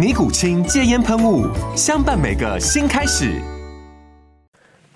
尼古清戒煙噴霧，相伴每個新開始。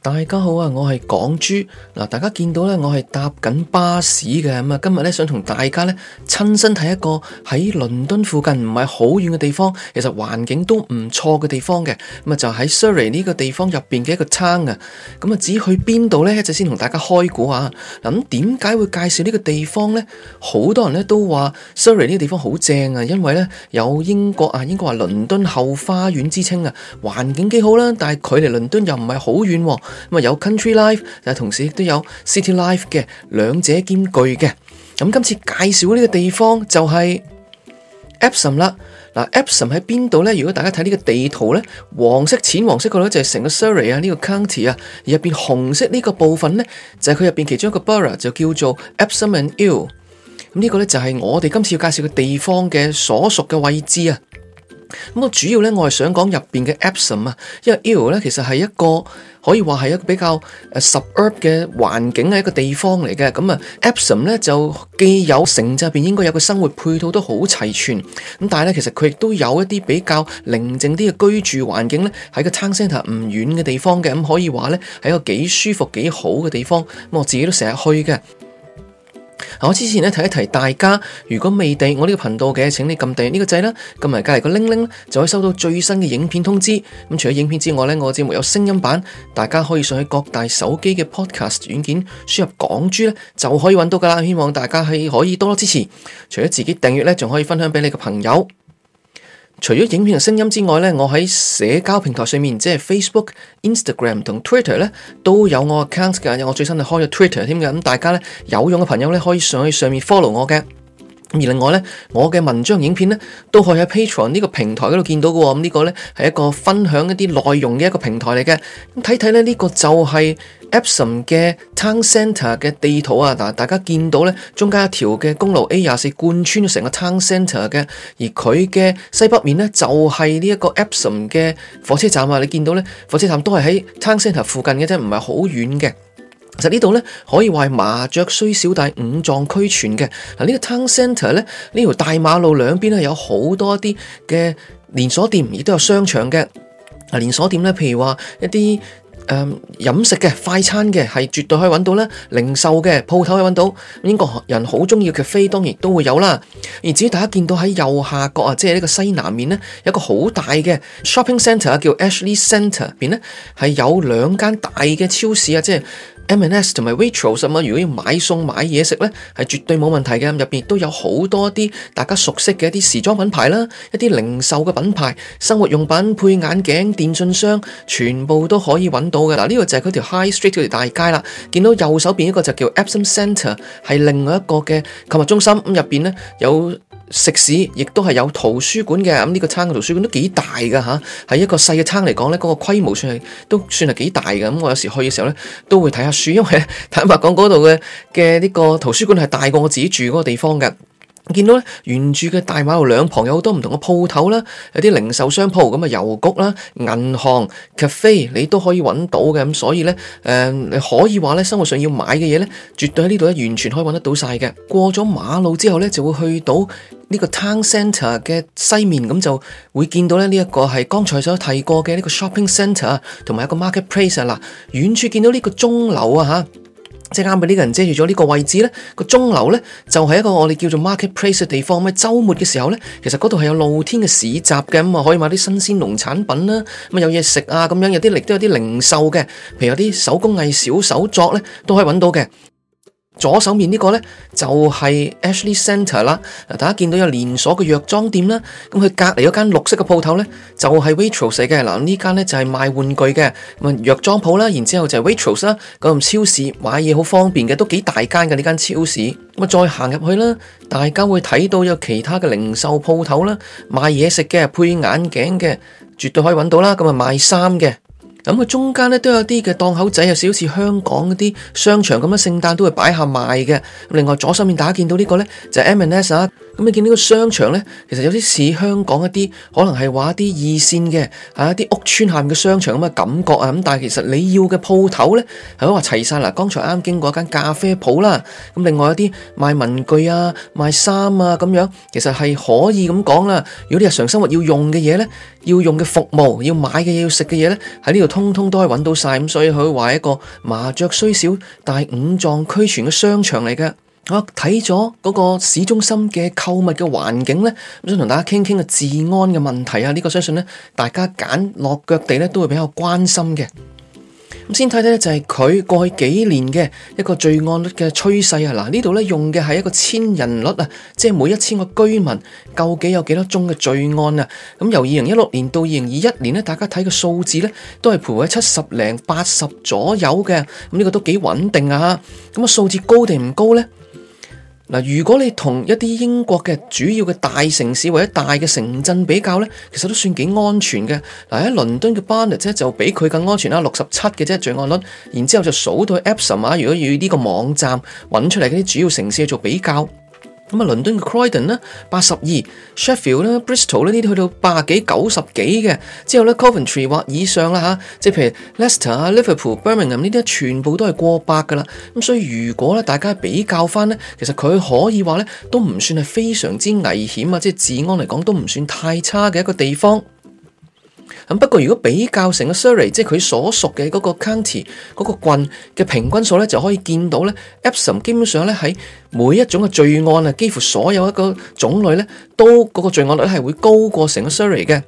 大家好啊，我係港珠嗱，大家見到咧，我係搭緊巴士嘅咁啊，今日咧想同大家咧親身睇一個喺倫敦附近唔係好遠嘅地方，其實環境都唔錯嘅地方嘅咁啊，就喺、是、Surrey 呢個地方入邊嘅一個鎮啊，咁啊，只去邊度咧就先同大家開估啊，咁點解會介紹呢個地方咧？好多人咧都話 Surrey 呢個地方好正啊，因為咧有英國啊，應該話倫敦後花園之稱啊，環境幾好啦，但係距離倫敦又唔係好遠。咁啊有 Country Life，但係同時亦都有 City Life 嘅，兩者兼具嘅。咁今次介紹呢個地方就係 Epsom 啦。嗱，Epsom 喺邊度咧？如果大家睇呢個地圖咧，黃色淺黃色嗰度就係成個 Surrey 啊，呢個 county 啊，而入邊紅色呢個部分咧，就係佢入邊其中一個 borough 就叫做 Epsom and Ewell。咁呢個咧就係我哋今次要介紹嘅地方嘅所屬嘅位置啊。咁啊，我主要咧，我係想講入邊嘅 Epsom 啊，因為 Ile 咧其實係一個可以話係一個比較誒 suburb 嘅環境嘅一個地方嚟嘅。咁啊、e、，Epsom 咧就既有城市入邊應該有個生活配套都好齊全，咁但係咧其實佢亦都有一啲比較寧靜啲嘅居住環境咧，喺個 centre 唔遠嘅地方嘅，咁可以話咧喺個幾舒服、幾好嘅地方。咁我自己都成日去嘅。我之前提一提大家，如果未訂我呢個頻道嘅，請你撳訂閱呢個掣啦，撳埋隔籬個鈴鈴就可以收到最新嘅影片通知。咁除咗影片之外呢，我節目有聲音版，大家可以上去各大手機嘅 Podcast 軟件輸入港珠就可以揾到㗎喇。希望大家可以多多支持，除咗自己訂閱呢，仲可以分享俾你嘅朋友。除咗影片嘅聲音之外咧，我喺社交平台上面，即係 Facebook、Instagram 同 Twitter 咧，都有我 account 嘅。我最新係開咗 Twitter 添嘅，咁大家有用嘅朋友咧，可以上去上面 follow 我嘅。而另外呢，我嘅文章影片呢，都可以喺 Patreon 呢個平台嗰度見到嘅。咁、這個、呢個咧係一個分享一啲內容嘅一個平台嚟嘅。咁睇睇咧，呢、這個就係 Epsom 嘅 Town Centre 嘅地圖啊。大家見到呢，中間一條嘅公路 A 24貫穿咗成個 Town Centre 嘅。而佢嘅西北面呢，就係呢一個 Epsom 嘅火車站啊。你見到呢，火車站都係喺 Town Centre 附近嘅啫，唔係好遠嘅。其實呢度咧可以話麻雀雖小但五臟俱全嘅。嗱，呢個 town centre 咧，呢條大馬路兩邊咧，有好多啲嘅連鎖店，亦都有商場嘅。啊，連鎖店咧，譬如話一啲誒飲食嘅快餐嘅，係絕對可以揾到咧。零售嘅鋪頭可以揾到。英國人好鍾意嘅咖啡當然都會有啦。而至於大家見到喺右下角啊，即係呢個西南面咧，有一個好大嘅 shopping centre 啊，叫 Ashley Centre，入邊咧係有兩間大嘅超市啊，即係。M&S 同埋 Waitrose 什麼，如果要買餸買嘢食呢，係絕對冇問題嘅。入邊都有好多一啲大家熟悉嘅一啲時裝品牌啦，一啲零售嘅品牌、生活用品、配眼鏡、電訊商，全部都可以揾到嘅。嗱，呢個就係佢條 High Street 嗰條大街啦。見到右手邊一個就叫 Epsom Centre，係另外一個嘅購物中心。咁入邊呢，有。食肆亦都係有圖書館嘅，咁、這、呢個餐嘅圖書館都幾大㗎吓，喺一個細嘅餐嚟講咧，嗰、那個規模算係都算係幾大㗎。咁我有時去嘅時候咧，都會睇下書，因為坦白講，嗰度嘅嘅呢個圖書館係大過我自己住嗰個地方㗎。見到咧，沿住嘅大馬路兩旁有好多唔同嘅鋪頭啦，有啲零售商鋪，咁啊郵局啦、銀行、cafe，你都可以揾到嘅。咁所以呢、呃，你可以話咧，生活上要買嘅嘢呢，絕對喺呢度咧完全可以揾得到晒嘅。過咗馬路之後呢，就會去到呢個 town centre 嘅西面，咁就會見到咧呢一個係剛才所提過嘅呢個 shopping centre 啊，同埋一個 market place 啊。嗱，遠處見到呢個鐘樓啊，嚇！.即係啱俾呢個人遮住咗呢個位置咧，個鐘樓咧就係一個我哋叫做 market place 嘅地方。咁啊，周末嘅時候咧，其實嗰度係有露天嘅市集嘅，咁啊可以買啲新鮮農產品啦，咁啊有嘢食啊咁樣，有啲力都有啲零售嘅，譬如有啲手工藝小手作咧都可以揾到嘅。左手面呢個呢，就係 Ashley Centre 啦，大家見到有連鎖嘅藥妝店啦，咁佢隔離嗰間綠色嘅鋪頭呢，就係 Waitrose 嘅。嗱，呢間呢，就係賣玩具嘅，咁藥妝鋪啦，然之後就係 Waitrose 啦，咁超市買嘢好方便嘅，都幾大間嘅呢間超市，咁再行入去啦，大家會睇到有其他嘅零售鋪頭啦，賣嘢食嘅、配眼鏡嘅，絕對可以揾到啦，咁啊賣衫嘅。咁佢中間都有啲嘅檔口仔，有少少似香港嗰啲商場咁樣，聖誕都會擺下賣嘅。另外左手面大家見到呢個呢個咧，就係 M&S。咁你見呢個商場呢，其實有啲似香港一啲，可能係話一啲二線嘅啊，一啲屋村下面嘅商場咁嘅感覺啊，咁但係其實你要嘅鋪頭呢，係可以話齊晒啦。剛才啱啱經過一間咖啡鋪啦，咁另外一啲賣文具啊、賣衫啊咁樣，其實係可以咁講啦。如果你日常生活要用嘅嘢呢，要用嘅服務、要買嘅嘢、要食嘅嘢呢，喺呢度通通都可以揾到晒。咁所以佢話一個麻雀雖小，但係五臟俱全嘅商場嚟嘅。我睇咗嗰個市中心嘅購物嘅環境咧，咁想同大家傾傾個治安嘅問題啊，呢、這個相信咧大家揀落腳地咧都會比較關心嘅。咁先睇睇咧，就係佢過去幾年嘅一個罪案率嘅趨勢啊。嗱，呢度咧用嘅係一個千人率啊，即係每一千個居民究竟有幾多宗嘅罪案啊？咁由二零一六年到二零二一年咧，大家睇嘅數字咧都係徘徊喺七十零八十左右嘅，咁、這、呢個都幾穩定啊。咁啊，數字高定唔高咧？如果你同一啲英國嘅主要嘅大城市或者大嘅城鎮比較呢，其實都算幾安全嘅。嗱，喺倫敦嘅 Barnet 啫就比佢更安全啦，六十七嘅啫罪案率，然之後就數到 Epsom 如果要呢個網站揾出嚟嗰啲主要城市去做比較，咁啊，倫敦嘅 Croydon 咧，八十二；Sheffield、Bristol 呢啲去到百幾、九十幾嘅。之後呢 Coventry 或以上啦吓、啊，即係譬如 Leicester 啊、Liverpool、Birmingham 呢啲全部都係過百噶啦。咁、啊、所以如果咧大家比較翻呢，其實佢可以話呢都唔算係非常之危險啊，即係治安嚟講都唔算太差嘅一個地方。不過，如果比較成個 Surrey，即係佢所屬嘅嗰個 county 嗰個郡嘅平均數咧，就可以見到咧 e p s o m 基本上咧喺每一種嘅罪案啊，幾乎所有一個種類咧，都嗰個罪案率係會高過成個 Surrey 嘅。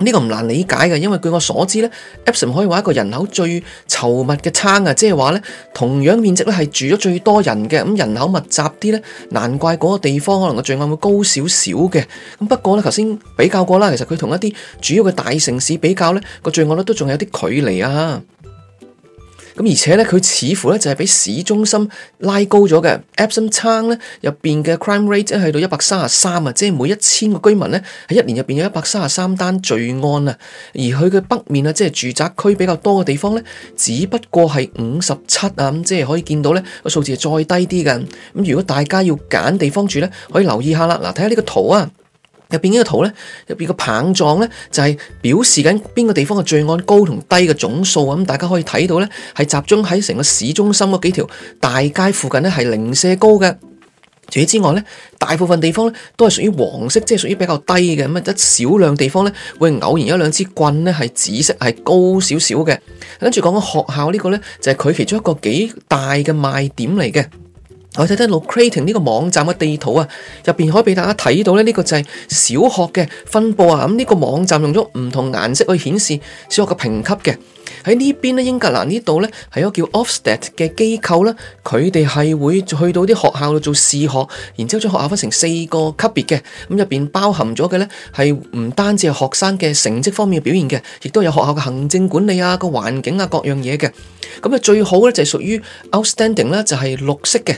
呢個唔難理解嘅，因為據我所知咧 Epsom 可以話一個人口最稠密嘅差啊，即係話呢，同樣面積咧係住咗最多人嘅，咁人口密集啲呢，難怪嗰個地方可能個罪案會高少少嘅。咁不過呢，頭先比較過啦，其實佢同一啲主要嘅大城市比較呢，個罪案咧都仲有啲距離啊。咁而且咧，佢似乎咧就係俾市中心拉高咗嘅。Epsom Town 咧入邊嘅 crime rate 3，即係到一百三十三啊，即係每一千個居民咧喺一年入邊有一百三十三單罪案啊。而佢嘅北面啊，即係住宅區比較多嘅地方咧，只不過係五十七啊。咁即係可以見到咧個數字係再低啲嘅。咁如果大家要揀地方住咧，可以留意下啦。嗱，睇下呢個圖啊。入邊呢個圖咧，入邊個棒狀咧就係表示緊邊個地方嘅罪案高同低嘅總數啊。咁大家可以睇到咧，係集中喺成個市中心嗰幾條大街附近咧係零舍高嘅。除此之外咧，大部分地方咧都係屬於黃色，即係屬於比較低嘅。咁啊，一少量地方咧會偶然有兩支棍咧係紫色，係高少少嘅。跟住講緊學校呢個咧，就係佢其中一個幾大嘅賣點嚟嘅。我哋睇睇 Locrating 呢個網站嘅地圖啊，入邊可以俾大家睇到呢、這個就係小學嘅分佈啊。咁、嗯、呢、這個網站用咗唔同顏色去顯示小學嘅評級嘅。喺呢邊咧，英格蘭呢度咧係一個叫 Ofsted f 嘅機構啦。佢哋係會去到啲學校度做試學，然之後將學校分成四個級別嘅。咁入邊包含咗嘅咧係唔單止係學生嘅成績方面嘅表現嘅，亦都有學校嘅行政管理啊、個環境啊、各樣嘢嘅。咁、嗯、啊，最好咧就係屬於 Outstanding 啦，就係、是、綠色嘅。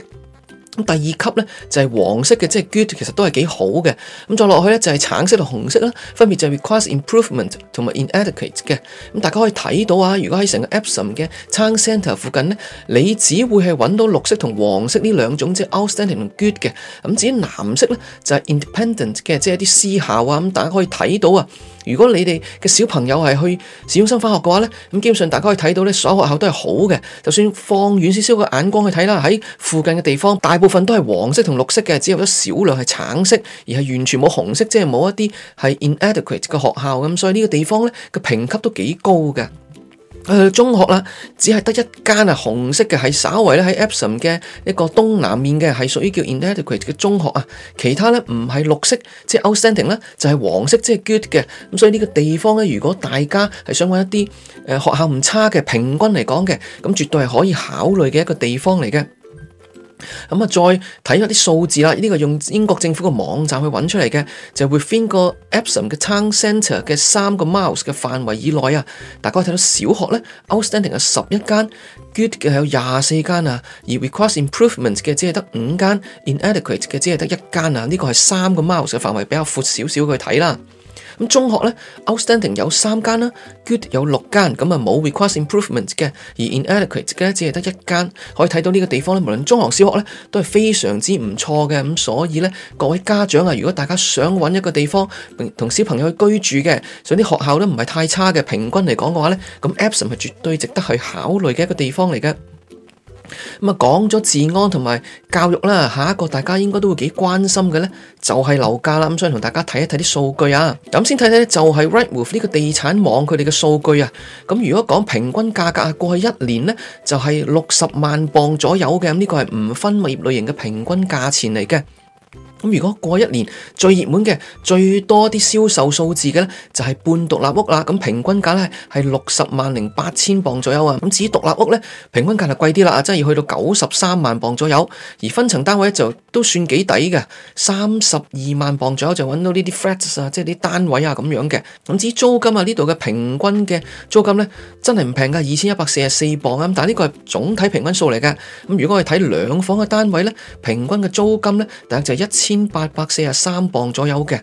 咁第二級呢就係、是、黃色嘅，即係 good，其實都係幾好嘅。咁再落去呢，就係、是、橙色同紅色啦，分別就係 request improvement 同埋 inadequate 嘅。咁大家可以睇到啊，如果喺成個 Epsom 嘅 town centre 附近呢，你只會係揾到綠色同黃色呢兩種，即係 outstanding 同 good 嘅。咁至於藍色呢，就係、是、independent 嘅，即係一啲私校啊。咁大家可以睇到啊。如果你哋嘅小朋友係去市中心返學嘅話呢咁基本上大家可以睇到呢所有學校都係好嘅，就算放遠少少嘅眼光去睇啦，喺附近嘅地方，大部分都係黃色同綠色嘅，只有咗少量係橙色，而係完全冇紅色，即係冇一啲係 inadequate 嘅學校咁，所以呢個地方呢，個評級都幾高嘅。誒、呃、中學啦、啊，只係得一間啊，紅色嘅係稍為咧喺 Epsom 嘅一個東南面嘅係屬於叫 inadequate 嘅中學啊，其他咧唔係綠色，即係 Outstanding 咧就係黃色，即係 good 嘅，咁、嗯、所以呢個地方咧，如果大家係想揾一啲誒、呃、學校唔差嘅，平均嚟講嘅，咁、嗯、絕對係可以考慮嘅一個地方嚟嘅。咁啊，再睇一啲數字啦，呢個用英國政府個網站去揾出嚟嘅，就 Within Epsom 嘅 town center 嘅三個 Miles 嘅範圍以內啊，大家可以睇到小學咧，Outstanding 係十一間，Good 嘅有廿四間啊，而 Request Improvement 嘅只係得五間，Inadequate 嘅只係得一間啊，呢個係三個 Miles 嘅範圍比較闊少少去睇啦。咁中學呢 outstanding 有三間啦，good 有六間，咁啊冇 request improvement 嘅，而 inadequate 嘅只係得一間，可以睇到呢個地方呢，無論中學小學呢，都係非常之唔錯嘅。咁所以呢，各位家長啊，如果大家想揾一個地方同小朋友去居住嘅，想啲學校咧唔係太差嘅，平均嚟講嘅話呢，咁 Epsom 係絕對值得去考慮嘅一個地方嚟嘅。咁啊，講咗治安同埋教育啦，下一個大家應該都會幾關心嘅咧，就係樓價啦。咁所以同大家睇一睇啲數據啊。咁先睇睇咧，就係 Rightmove 呢個地產網佢哋嘅數據啊。咁如果講平均價格啊，過去一年咧就係六十萬磅左右嘅，呢個係唔分物業類型嘅平均價錢嚟嘅。咁如果過一年最熱門嘅最多啲銷售數字嘅咧，就係半獨立屋啦。咁平均價咧係六十萬零八千磅左右啊。咁至於獨立屋咧，平均價就貴啲啦，啊，真係要去到九十三萬磅左右。而分層單位就都算幾抵嘅，三十二萬磅左右就揾到呢啲 flats 啊，即係啲單位啊咁樣嘅。咁至於租金啊，呢度嘅平均嘅租金咧真係唔平㗎，二千一百四十四磅啊咁。但係呢個係總體平均數嚟嘅。咁如果係睇兩房嘅單位咧，平均嘅租金咧，大概就一千。千八百四十三磅左右嘅，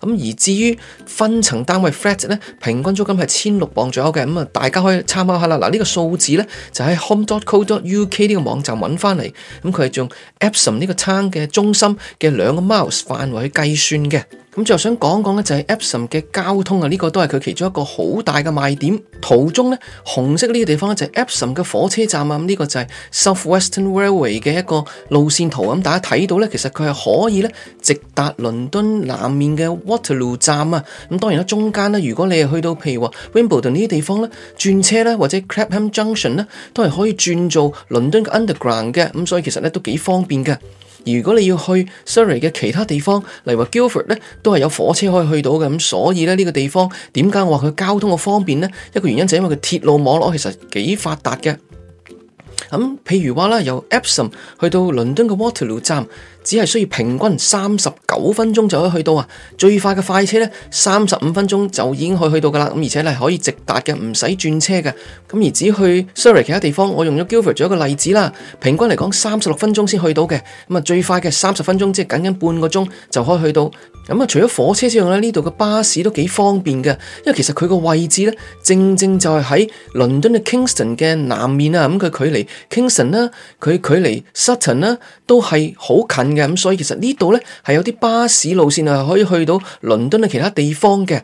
咁而至於分層單位 flat 咧，平均租金係千六磅左右嘅，咁啊大家可以參考下啦。嗱、這個，呢個數字咧就喺 home.co.uk 呢個網站揾翻嚟，咁佢係用 Epsom 呢個餐嘅中心嘅兩個 miles 範圍去計算嘅。咁最後想講講呢，就係 Epsom 嘅交通啊！呢、這個都係佢其中一個好大嘅賣點。途中呢，紅色呢個地方呢，就係 Epsom 嘅火車站啊！咁、嗯、呢、這個就係 South Western Railway 嘅一個路線圖。咁、嗯、大家睇到呢，其實佢係可以呢，直達倫敦南面嘅 Waterloo 站啊！咁、嗯、當然啦，中間呢，如果你係去到譬如話 Wimbledon 呢啲地方呢，轉車呢，或者 Clapham Junction 呢，都係可以轉做倫敦嘅 Underground 嘅。咁、嗯、所以其實呢，都幾方便嘅。如果你要去 Surrey 嘅其他地方，例如話 Guildford 咧，都係有火車可以去到嘅，咁所以咧，呢個地方點解話佢交通嘅方便咧？一個原因就是因為佢鐵路網絡其實幾發達嘅。咁、嗯、譬如話啦，由 Epsom 去到倫敦嘅 Waterloo 站，只係需要平均三十九分鐘就可以去到啊。最快嘅快車咧，三十五分鐘就已經可以去到噶啦。咁而且咧，可以直達嘅，唔使轉車嘅。咁而至於去 Surrey 其他地方，我用咗 Guildford 做一個例子啦。平均嚟講三十六分鐘先去到嘅，咁啊，最快嘅三十分鐘，即係僅僅半個鐘就可以去到。咁、嗯、啊，除咗火車之外咧，呢度嘅巴士都幾方便嘅，因為其實佢個位置咧，正正就係喺倫敦嘅 Kingston 嘅南面啊，咁、嗯、佢距離。Kingston 咧，佢距離 Sutton 咧都係好近嘅，咁所以其實這裡呢度咧係有啲巴士路線啊，可以去到倫敦嘅其他地方嘅。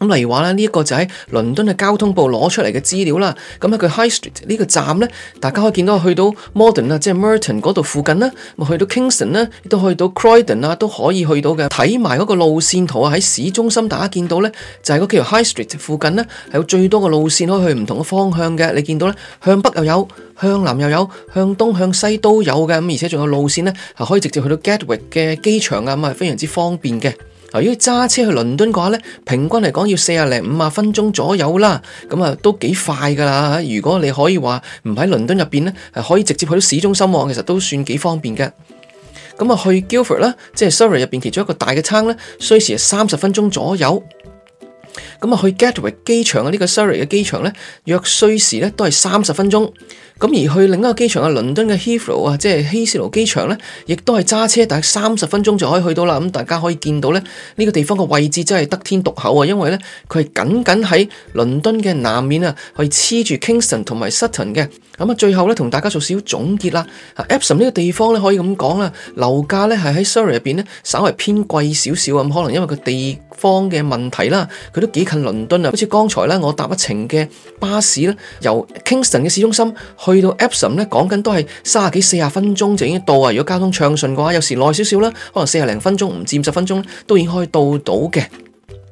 例如話咧，呢一個就喺倫敦嘅交通部攞出嚟嘅資料啦。咁喺佢 High Street 呢個站呢，大家可以見到去到 Modern 啊，即係 Merton 嗰度附近啦，去到 Kingston 咧，亦都去到 Croydon 啊，都可以去到嘅。睇埋嗰個路線圖啊，喺市中心大家見到呢，就係嗰條 High Street 附近呢，係有最多嘅路線可以去唔同嘅方向嘅。你見到呢，向北又有，向南又有，向東向西都有嘅。咁而且仲有路線呢，係可以直接去到 Gatwick 嘅機場啊，咁係非常之方便嘅。由於揸車去倫敦嘅話咧，平均嚟講要四十零五十分鐘左右啦，咁啊都幾快噶啦。如果你可以話唔喺倫敦入邊咧，係可以直接去到市中心嘅，其實都算幾方便嘅。咁啊，去 Guildford 啦，即係 Surrey 入邊其中一個大嘅廳咧，需時係三十分鐘左右。咁啊去 Gatwick 機場嘅呢、呢個 Surrey 嘅機場呢，約需時咧都係三十分鐘。咁而去另一個機場嘅倫敦嘅 Heathrow 啊，即係希思羅機場呢，亦都係揸車，大約三十分鐘就可以去到啦。咁、嗯、大家可以見到咧，呢、呢個地方嘅位置真係得天獨厚啊，因為呢，佢係僅僅喺倫敦嘅南面啊，去黐住 Kingston 同埋 Sutton 嘅。咁、嗯、啊，最後呢，同大家做少少總結啦。Epsom 呢個地方呢，可以咁講啦，樓價呢係喺 Surrey 入邊呢，稍為偏貴少少啊，咁、嗯、可能因為佢地方嘅問題啦，佢都幾近倫敦啊！好似剛才啦，我搭一程嘅巴士呢，由 Kingston 嘅市中心去到 Epsom 咧，講緊都係三十幾四十分鐘就已經到啊！如果交通暢順嘅話，有時耐少少啦，可能四十零分鐘唔至五十分鐘都已經可以到到嘅。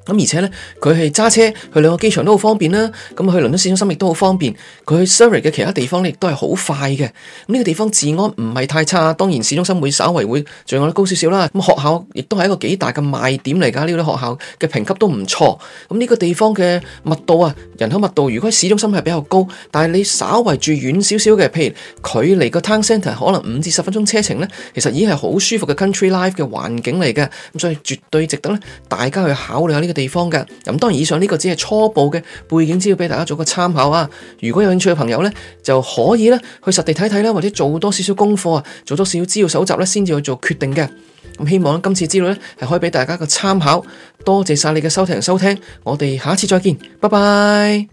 咁而且呢，佢係揸車去兩個機場都好方便啦。咁去倫敦市中心亦都好方便。佢去 Surrey 嘅其他地方咧，亦都係好快嘅。咁、這、呢個地方治安唔係太差，當然市中心會稍為會仲有咧高少少啦。咁學校亦都係一個幾大嘅賣點嚟噶。呢啲學校嘅評級都唔錯，咁、這、呢個地方嘅密度啊，人口密度，如果喺市中心係比較高，但係你稍為住遠少少嘅，譬如距離個 Town Centre 可能五至十分鐘車程呢，其實已經係好舒服嘅 Country Life 嘅環境嚟嘅。咁所以絕對值得呢大家去考慮下呢。地方嘅，咁當然以上呢個只係初步嘅背景資料，俾大家做個參考啊！如果有興趣嘅朋友呢，就可以呢去實地睇睇啦，或者做多少少功課啊，做多少少資料搜集呢，先至去做決定嘅。咁希望今次資料呢，係可以俾大家個參考。多謝晒你嘅收聽收聽，我哋下次再見，拜拜。